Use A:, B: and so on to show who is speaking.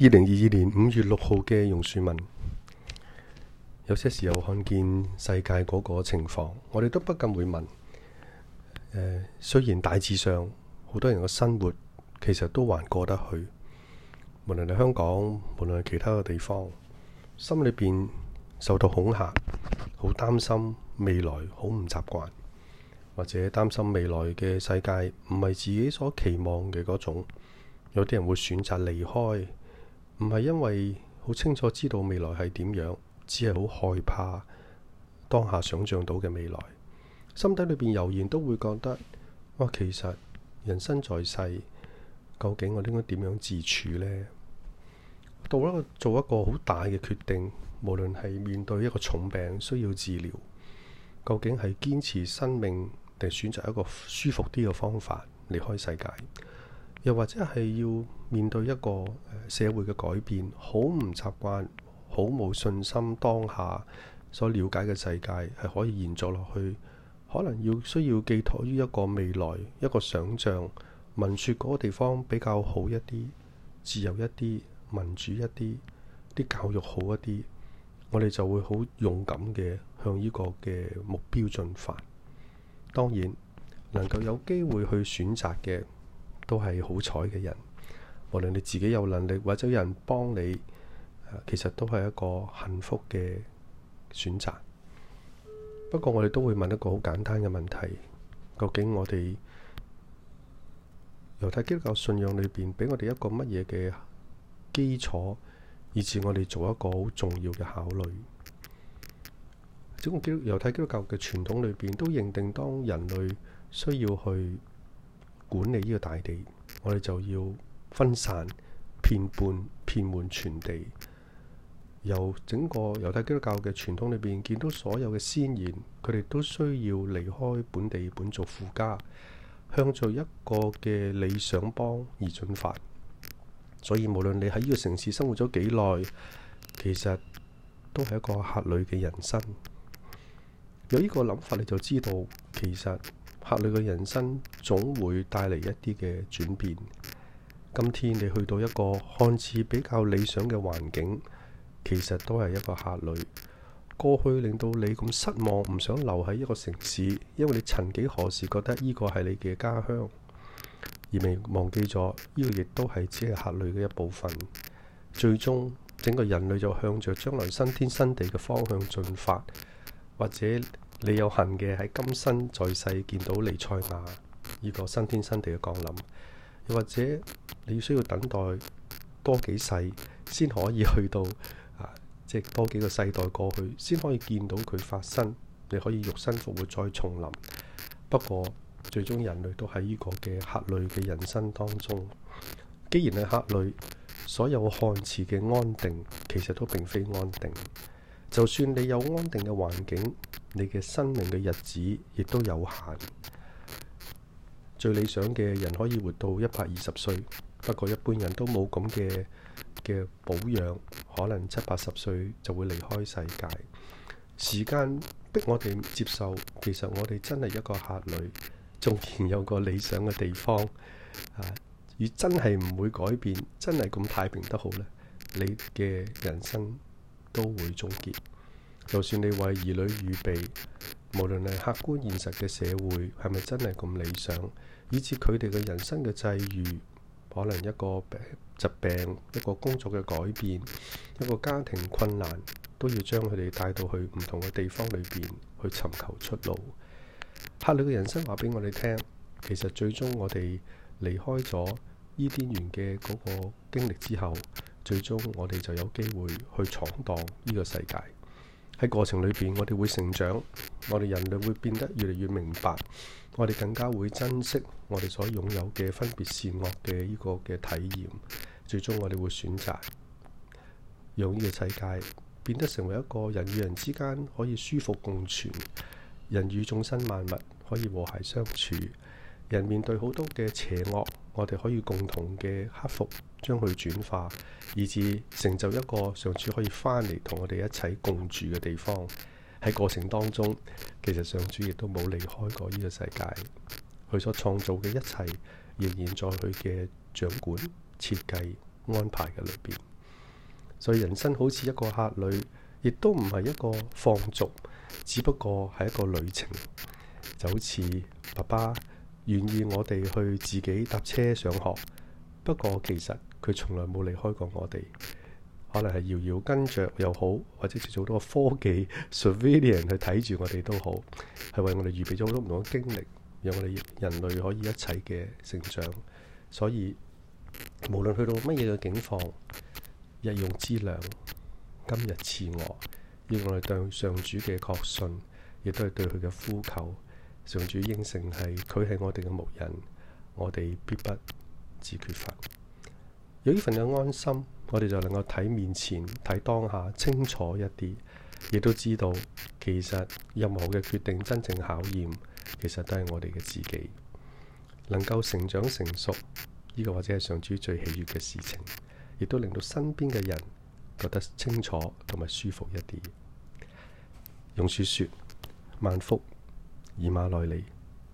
A: 二零二二年五月六號嘅榕樹文，有些時候看見世界嗰個情況，我哋都不禁會問：誒、呃，雖然大致上好多人嘅生活其實都還過得去，無論係香港，無論係其他嘅地方，心裏邊受到恐嚇，好擔心未來，好唔習慣，或者擔心未來嘅世界唔係自己所期望嘅嗰種，有啲人會選擇離開。唔係因為好清楚知道未來係點樣，只係好害怕當下想象到嘅未來。心底裏邊油然都會覺得，哇，其實人生在世，究竟我應該點樣自處呢？到一做一個好大嘅決定，無論係面對一個重病需要治療，究竟係堅持生命，定選擇一個舒服啲嘅方法離開世界？又或者係要面對一個社會嘅改變，好唔習慣，好冇信心，當下所了解嘅世界係可以延續落去，可能要需要寄託於一個未來，一個想像，聞説嗰個地方比較好一啲，自由一啲，民主一啲，啲教育好一啲，我哋就會好勇敢嘅向呢個嘅目標進發。當然能夠有機會去選擇嘅。都係好彩嘅人，無論你自己有能力或者有人幫你，其實都係一個幸福嘅選擇。不過我哋都會問一個好簡單嘅問題，究竟我哋猶太基督教信仰裏邊，俾我哋一個乜嘢嘅基礎，以致我哋做一個好重要嘅考慮？整個基猶太基督教嘅傳統裏邊，都認定當人類需要去管理呢個大地，我哋就要分散、遍半、遍滿全地。由整個猶太基督教嘅傳統裏邊，見到所有嘅先賢，佢哋都需要離開本地本族父家，向著一個嘅理想邦而進發。所以，無論你喺呢個城市生活咗幾耐，其實都係一個客旅嘅人生。有呢個諗法，你就知道其實。客旅嘅人生總會帶嚟一啲嘅轉變。今天你去到一個看似比較理想嘅環境，其實都係一個客旅。過去令到你咁失望，唔想留喺一個城市，因為你曾幾何時覺得呢個係你嘅家鄉，而未忘記咗呢個亦都係只係客旅嘅一部分。最終整個人類就向着將來新天新地嘅方向進發，或者。你有幸嘅喺今生在世見到彌賽亞呢個新天新地嘅降臨，又或者你需要等待多幾世先可以去到啊，即係多幾個世代過去先可以見到佢發生。你可以肉身復活再重臨。不過最終人類都喺呢個嘅客旅嘅人生當中。既然係客旅，所有看似嘅安定其實都並非安定。就算你有安定嘅環境。你嘅生命嘅日子亦都有限，最理想嘅人可以活到一百二十歲，不過一般人都冇咁嘅嘅保養，可能七八十歲就會離開世界。時間逼我哋接受，其實我哋真係一個客旅，縱然有個理想嘅地方啊，如真係唔會改變，真係咁太平得好咧，你嘅人生都會終結。就算你為兒女預備，無論係客觀現實嘅社會係咪真係咁理想，以至佢哋嘅人生嘅際遇，可能一個疾病、一個工作嘅改變、一個家庭困難，都要將佢哋帶到去唔同嘅地方裏邊去尋求出路。客旅嘅人生話俾我哋聽，其實最終我哋離開咗伊甸園嘅嗰個經歷之後，最終我哋就有機會去闖蕩呢個世界。喺過程裏邊，我哋會成長，我哋人類會變得越嚟越明白，我哋更加會珍惜我哋所擁有嘅分別善惡嘅呢個嘅體驗。最終，我哋會選擇讓呢個世界變得成為一個人與人之間可以舒服共存，人與眾生萬物可以和諧相處，人面對好多嘅邪惡，我哋可以共同嘅克服。將佢轉化，以至成就一個上主可以返嚟同我哋一齊共住嘅地方。喺過程當中，其實上主亦都冇離開過呢個世界，佢所創造嘅一切仍然在佢嘅掌管、設計、安排嘅裏邊。所以人生好似一個客旅，亦都唔係一個放逐，只不過係一個旅程。就好似爸爸願意我哋去自己搭車上學。不過其實佢從來冇離開過我哋，可能係遙遙跟着又好，或者做多個科技 surveillance 去睇住我哋都好，係為我哋預備咗好多唔同嘅經歷，讓我哋人類可以一齊嘅成長。所以無論去到乜嘢嘅境況，日用之糧今日賜我，要我哋對上主嘅確信，亦都係對佢嘅呼求，上主應承係佢係我哋嘅牧人，我哋必不。自有呢份嘅安心，我哋就能夠睇面前、睇當下清楚一啲，亦都知道其實任何嘅決定真正考驗，其實都係我哋嘅自己，能夠成長成熟，呢個或者係上主最喜悅嘅事情，亦都令到身邊嘅人覺得清楚同埋舒服一啲。榕樹說，萬福，以馬內利。」